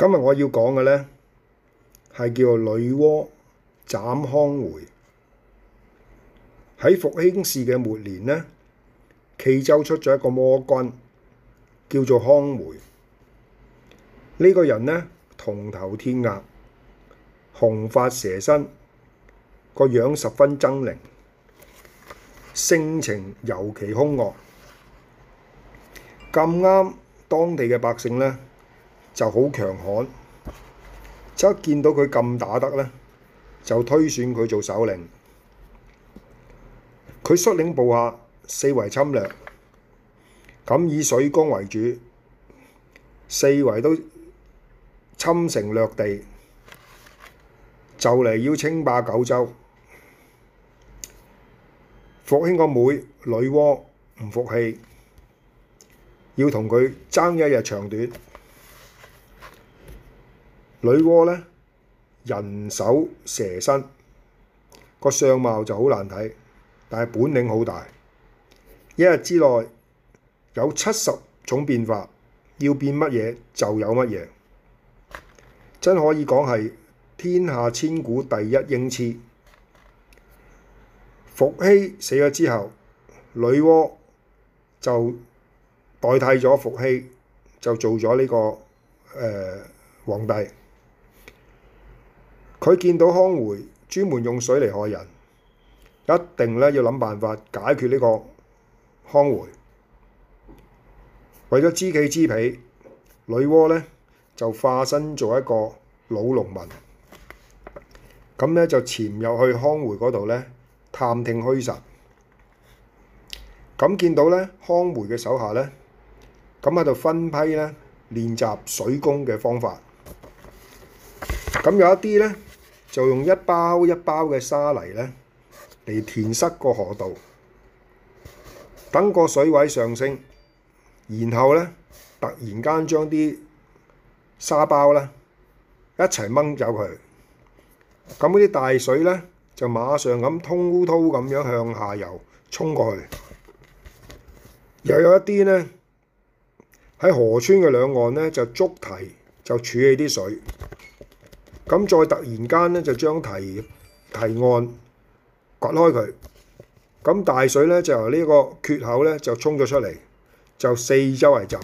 今日我要講嘅呢，係叫女媧斬康回。喺復興氏嘅末年呢，冀州出咗一個魔君，叫做康回。呢、這個人呢，銅頭鐵額，紅髮蛇身，個樣十分猙獰，性情尤其凶惡。咁啱當地嘅百姓呢，就好強悍，即見到佢咁打得呢，就推選佢做首領。佢率領部下四圍侵略，咁以水攻為主，四圍都侵城掠地，就嚟要稱霸九州。伏羲個妹女媧唔服氣，要同佢爭一日長短。女媧呢，人首蛇身，個相貌就好難睇，但係本領好大。一日之內有七十種變化，要變乜嘢就有乜嘢，真可以講係天下千古第一英雌。伏羲死咗之後，女媧就代替咗伏羲，就做咗呢、這個誒、呃、皇帝。佢見到康回專門用水嚟害人，一定咧要諗辦法解決呢個康回。為咗知己知彼，女媧咧就化身做一個老農民，咁咧就潛入去康回嗰度咧探聽虛實。咁見到咧康回嘅手下咧，咁喺度分批咧練習水工嘅方法。咁有一啲咧。就用一包一包嘅沙泥咧嚟填塞個河道，等個水位上升，然後咧突然間將啲沙包咧一齊掹走佢，咁啲大水咧就馬上咁滔滔咁樣向下游衝過去，又有一啲呢，喺河川嘅兩岸咧就築堤，就儲起啲水。咁再突然間咧，就將堤堤岸掘開佢，咁大水咧就由呢個缺口咧就衝咗出嚟，就四周圍浸。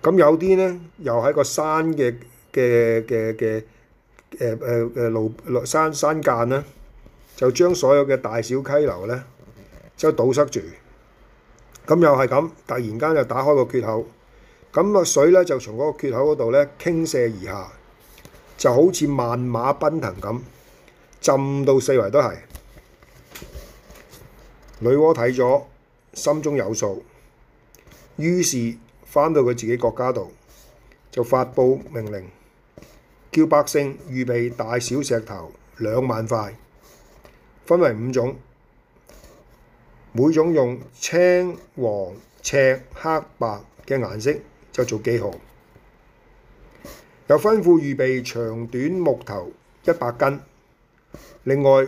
咁有啲咧又喺個山嘅嘅嘅嘅誒誒誒路落山山間咧，就將所有嘅大小溪流咧就堵塞住。咁又係咁，突然間就打開個缺口，咁個水咧就從嗰個缺口嗰度咧傾瀉而下。就好似萬馬奔騰咁，浸到四圍都係。女媧睇咗，心中有數，於是返到佢自己國家度，就發佈命令，叫百姓預備大小石頭兩萬塊，分為五種，每種用青、黃、赤、黑、白嘅顏色，就做記號。又吩咐預備長短木頭一百斤，另外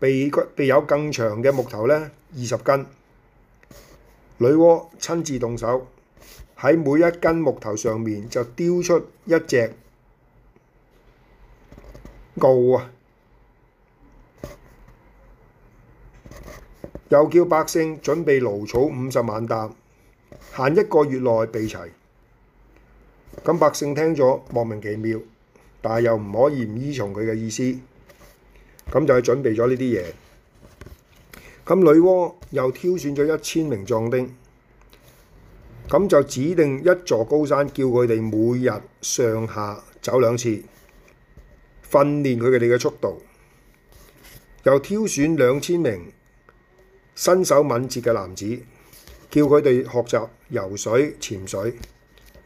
備有更長嘅木頭呢二十斤。女媧親自動手喺每一根木頭上面就雕出一隻牛啊！又叫百姓準備蘆草五十萬擔，限一個月內備齊。咁百姓聽咗莫名其妙，但係又唔可以唔依從佢嘅意思，咁就係準備咗呢啲嘢。咁女媧又挑選咗一千名壯丁，咁就指定一座高山，叫佢哋每日上下走兩次，訓練佢哋嘅速度。又挑選兩千名身手敏捷嘅男子，叫佢哋學習游水、潛水。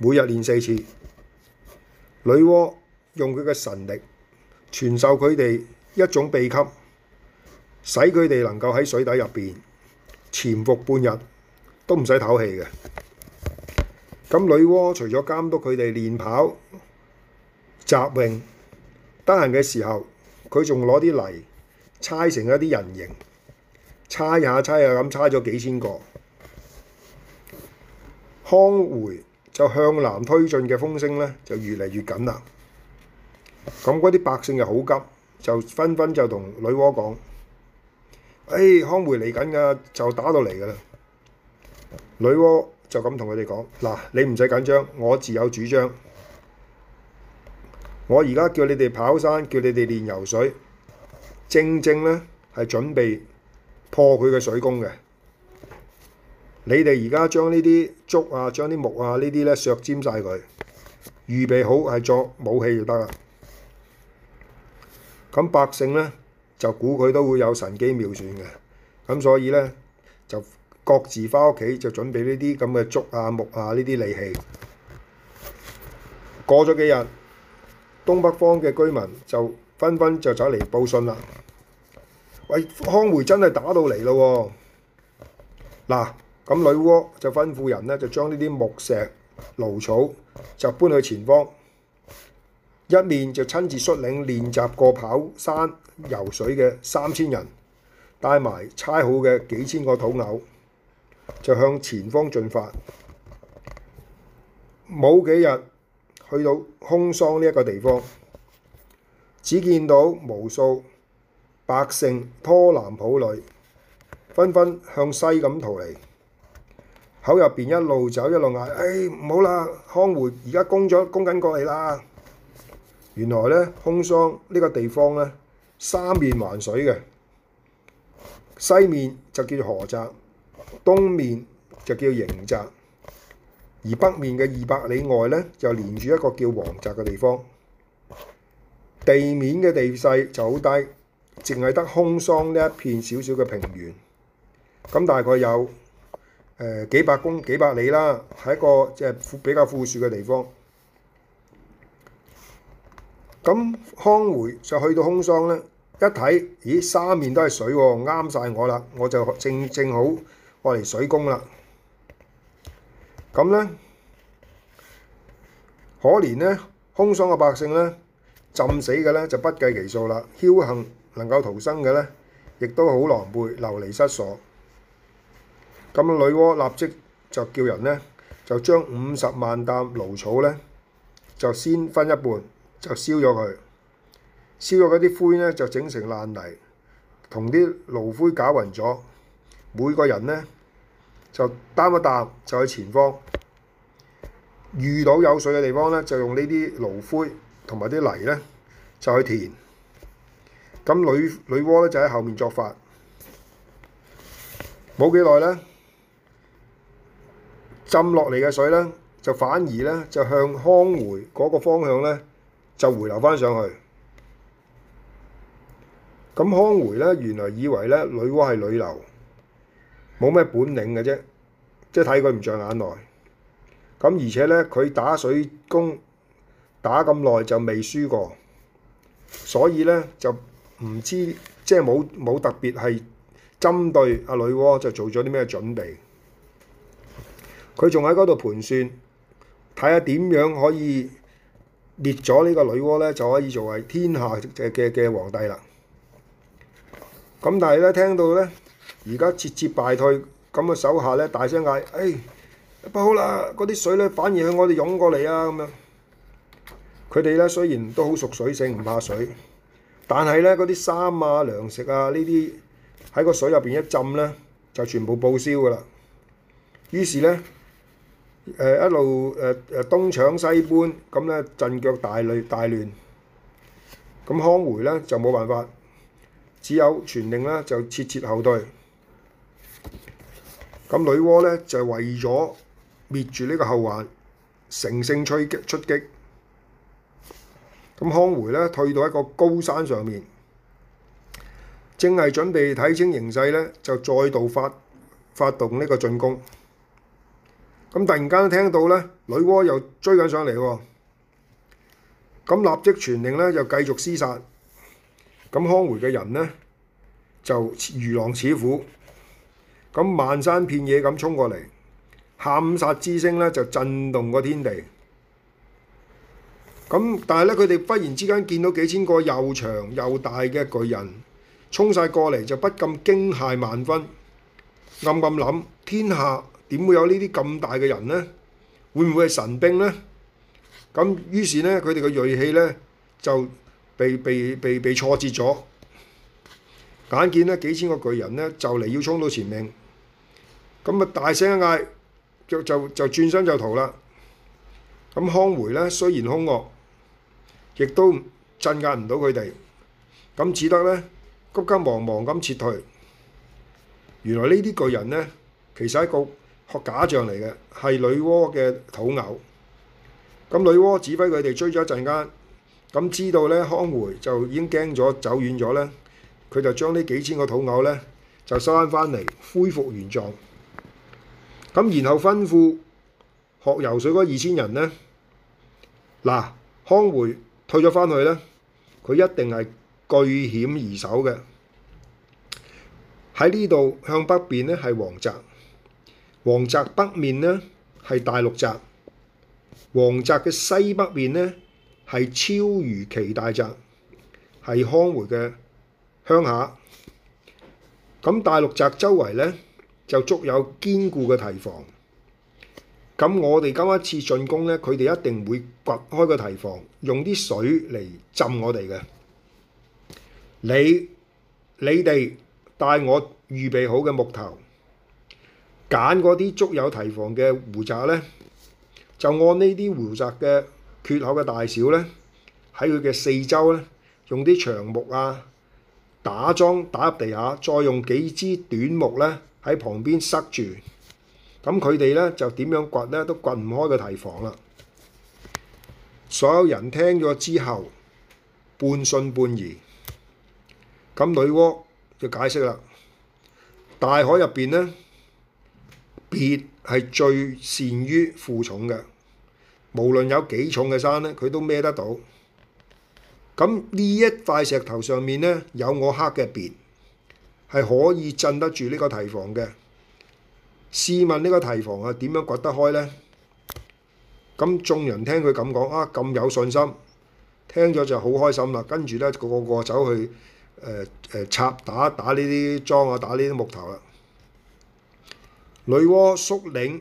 每日練四次，女媧用佢嘅神力傳授佢哋一種秘笈，使佢哋能夠喺水底入邊潛伏半日都唔使唞氣嘅。咁女媧除咗監督佢哋練跑、雜泳，得閒嘅時候佢仲攞啲泥猜成一啲人形，猜也猜啊咁猜咗幾千個康回。就向南推進嘅風聲咧，就越嚟越緊啦。咁嗰啲百姓就好急，就紛紛就同女媧講：誒、hey，康回嚟緊㗎，就打到嚟㗎啦！女媧就咁同佢哋講：嗱，你唔使緊張，我自有主張。我而家叫你哋跑山，叫你哋練游水，正正咧係準備破佢嘅水攻嘅。你哋而家將呢啲竹啊、將啲木啊呢啲咧削尖晒佢，預備好係作武器就得啦。咁百姓咧就估佢都會有神機妙算嘅，咁所以咧就各自返屋企就準備呢啲咁嘅竹啊、木啊呢啲利器。過咗幾日，東北方嘅居民就紛紛就走嚟報信啦。喂，康回真係打到嚟咯，哦！嗱。咁女媧就吩咐人呢，就將呢啲木石、蘆草就搬去前方。一面就親自率領練習過跑山、游水嘅三千人，帶埋差好嘅幾千個土偶，就向前方進發。冇幾日去到空桑呢一個地方，只見到無數百姓拖男抱女，紛紛向西咁逃離。口入邊一路走一路嗌：唉、哎，唔好啦，康回而家攻咗攻緊過嚟啦！原來咧，空桑呢個地方咧，三面環水嘅，西面就叫做河澤，東面就叫營澤，而北面嘅二百里外咧，就連住一個叫黃澤嘅地方。地面嘅地勢就好低，淨係得空桑呢一片小小嘅平原，咁大概有，誒幾百公幾百里啦，係一個即係富比較富庶嘅地方。咁康回就去到空桑咧，一睇，咦，三面都係水喎，啱晒我啦，我就正正好過嚟水工啦。咁咧，可憐咧，空桑嘅百姓咧，浸死嘅咧就不計其數啦，僥幸能夠逃生嘅咧，亦都好狼狽，流離失所。咁女媧立即就叫人呢，就將五十萬擔蘆草呢，就先分一半就燒咗佢。燒咗嗰啲灰呢，就整成爛泥，同啲蘆灰攪混咗。每個人呢，就擔一擔，就去前方。遇到有水嘅地方呢，就用呢啲蘆灰同埋啲泥呢，就去填。咁女女媧呢就喺後面作法。冇幾耐呢。浸落嚟嘅水咧，就反而咧就向康回嗰個方向咧就回流翻上去。咁康回咧原來以為咧女媧係女流，冇咩本領嘅啫，即係睇佢唔在眼內。咁而且咧佢打水工打咁耐就未輸過，所以咧就唔知即係冇冇特別係針對阿女媧就做咗啲咩準備。佢仲喺嗰度盤算，睇下點樣可以滅咗呢個女媧咧，就可以做為天下嘅嘅皇帝啦。咁但係咧，聽到咧而家節節敗退，咁嘅手下咧大聲嗌，哎，不好啦！嗰啲水咧反而向我哋湧過嚟啊！咁樣，佢哋咧雖然都好熟水性，唔怕水，但係咧嗰啲衫啊、糧食啊呢啲喺個水入邊一浸咧，就全部報銷㗎啦。於是咧。誒一路誒誒東搶西搬，咁咧陣腳大亂大亂，咁康回咧就冇辦法，只有全令咧就撤撤後退。咁女媧咧就為咗滅住呢個後患，乘勝追擊出擊。咁康回咧退到一個高山上面，正係準備睇清形勢咧，就再度發發動呢個進攻。咁突然間聽到咧，女媧又追緊上嚟喎，咁立即傳令咧，就繼續廝殺。咁康回嘅人咧，就如狼似虎，咁漫山遍野咁衝過嚟，喊殺之聲咧就震動個天地。咁但係咧，佢哋忽然之間見到幾千個又長又大嘅巨人衝曬過嚟，就不禁驚嚇萬分，暗暗諗天下，點會有呢啲咁大嘅人咧？會唔會係神兵咧？咁於是咧，佢哋嘅鋭氣咧就被被被被挫折咗。眼見咧幾千個巨人咧就嚟要衝到前面，咁啊大聲一嗌，就就就轉身就逃啦。咁康回咧雖然兇惡，亦都鎮壓唔到佢哋，咁只得咧急急忙忙咁撤退。原來呢啲巨人咧其實係一個。學假象嚟嘅，係女媧嘅土偶。咁女媧指揮佢哋追咗一陣間，咁知道咧康回就已經驚咗走遠咗咧，佢就將呢幾千個土偶咧就收返翻嚟，恢復原狀。咁然後吩咐學游水嗰二千人咧，嗱，康回退咗翻去咧，佢一定係據險而守嘅。喺呢度向北邊咧係黃澤。黃宅北面呢，係大陸宅，黃宅嘅西北面呢，係超如期大宅，係康回嘅鄉下。咁大陸宅周圍呢，就足有堅固嘅堤防。咁我哋今一次進攻呢，佢哋一定會掘開個堤防，用啲水嚟浸我哋嘅。你，你哋帶我預備好嘅木頭。揀嗰啲足有堤防嘅湖澤咧，就按呢啲湖澤嘅缺口嘅大小咧，喺佢嘅四周咧，用啲長木啊打樁打入地下，再用幾支短木咧喺旁邊塞住，咁佢哋咧就點樣掘咧都掘唔開個堤防啦。所有人聽咗之後半信半疑，咁女媧就解釋啦：大海入邊咧。鱉係最善於負重嘅，無論有幾重嘅山咧，佢都孭得到。咁呢一塊石頭上面咧，有我刻嘅鱉，係可以鎮得住呢個堤防嘅。試問呢個堤防啊，點樣掘得開咧？咁眾人聽佢咁講啊，咁有信心，聽咗就好開心啦。跟住咧，各個個走去誒誒、呃呃、插打打呢啲樁啊，打呢啲木頭啦。女媧率領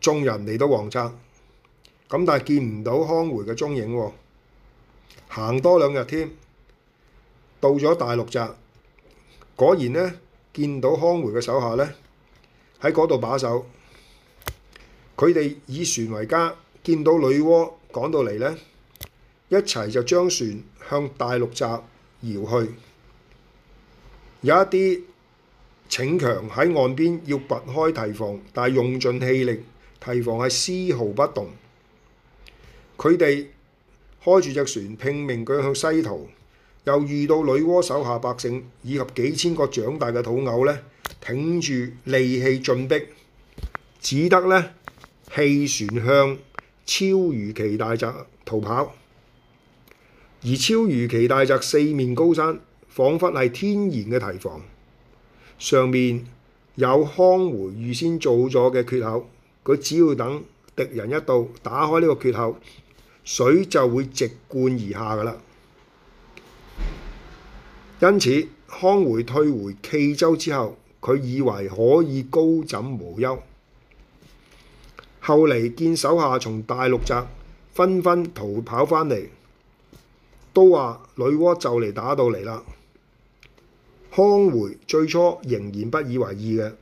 眾人嚟到黃澤，咁但係見唔到康回嘅蹤影喎。行多兩日添，到咗大陸閘，果然呢，見到康回嘅手下呢，喺嗰度把守。佢哋以船為家，見到女媧趕到嚟呢，一齊就將船向大陸閘搖去。有一啲逞強喺岸邊要拔開堤防，但係用盡氣力，堤防係絲毫不動。佢哋開住隻船拼命咁向西逃，又遇到女媧手下百姓以及幾千個長大嘅土偶呢，挺住利器進逼，只得呢棄船向超如期大澤逃跑。而超如期大澤四面高山，仿佛係天然嘅堤防。上面有康回預先做咗嘅缺口，佢只要等敵人一到，打開呢個缺口，水就會直灌而下㗎啦。因此，康回退回冀州之後，佢以為可以高枕無憂。後嚟見手下從大陸澤紛紛逃跑返嚟，都話女媧就嚟打到嚟喇。康回最初仍然不以為意嘅，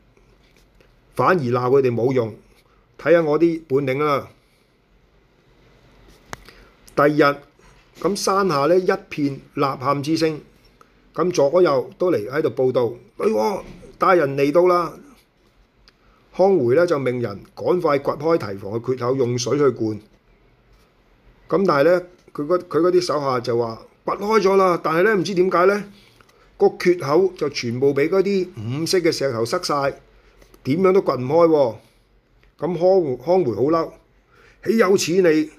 反而鬧佢哋冇用，睇下我啲本領啦。第二日咁山下呢一片吶喊之聲，咁左右都嚟喺度報道。哎喎，大人嚟到啦！康回呢就命人趕快掘開堤防嘅缺口，用水去灌。咁但係呢，佢嗰佢啲手下就話：「掘開咗啦，但係呢，唔知點解呢。」個缺口就全部俾嗰啲五色嘅石頭塞晒，點樣都掘唔開喎、啊。咁康回康回好嬲，豈有此理！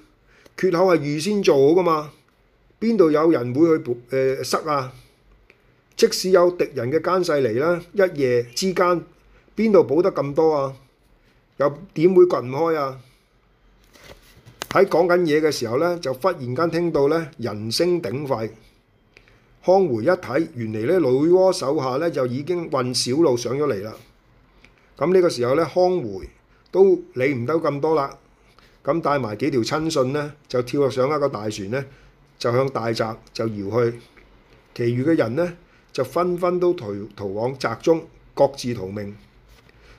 缺口係預先做好噶嘛，邊度有人會去、呃、塞啊？即使有敵人嘅奸細嚟啦，一夜之間邊度補得咁多啊？又點會掘唔開啊？喺講緊嘢嘅時候咧，就忽然間聽到咧人聲鼎沸。康回一睇，原嚟咧女媧手下咧就已經運小路上咗嚟啦。咁呢個時候咧，康回都理唔到咁多啦。咁帶埋幾條親信咧，就跳落上一個大船咧，就向大宅就搖去。其餘嘅人咧，就紛紛都逃逃往宅中，各自逃命，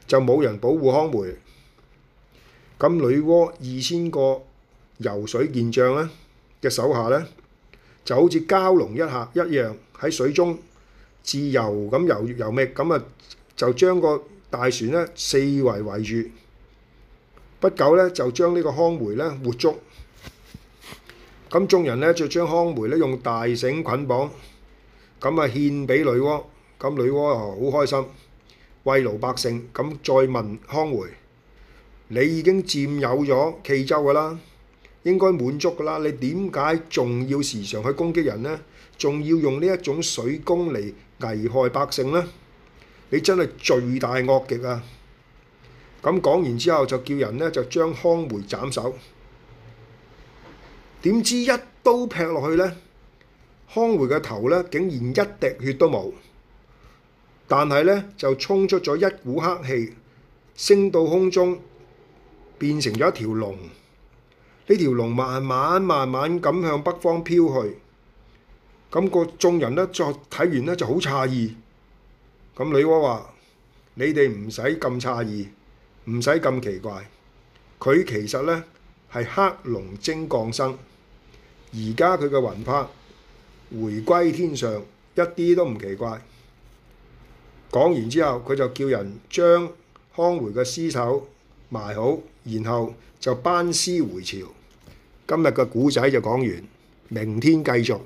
就冇人保護康回。咁女媧二千個游水健將咧嘅手下咧。就好似蛟龍一下一樣喺水中自由咁游，游覓，咁啊就將個大船咧四圍圍住。不久咧就將呢個康回咧活捉，咁眾人咧就將康回咧用大繩捆綁，咁啊獻俾女媧，咁女媧啊，好開心慰勞百姓，咁再問康回：你已經佔有咗冀州噶啦？應該滿足㗎喇，你點解仲要時常去攻擊人咧？仲要用呢一種水攻嚟危害百姓咧？你真係罪大惡極啊！咁講完之後，就叫人咧就將康回斬首。點知一刀劈落去咧，康回嘅頭咧竟然一滴血都冇，但係咧就衝出咗一股黑氣，升到空中變成咗一條龍。呢條龍慢慢慢慢咁向北方飄去，咁、那個眾人咧就睇完咧就好詫異。咁女媧話：你哋唔使咁詫異，唔使咁奇怪。佢其實呢係黑龍精降生，而家佢嘅魂魄回歸天上，一啲都唔奇怪。講完之後，佢就叫人將康回嘅屍首埋好，然後就班師回朝。今日嘅故仔就講完，明天繼續。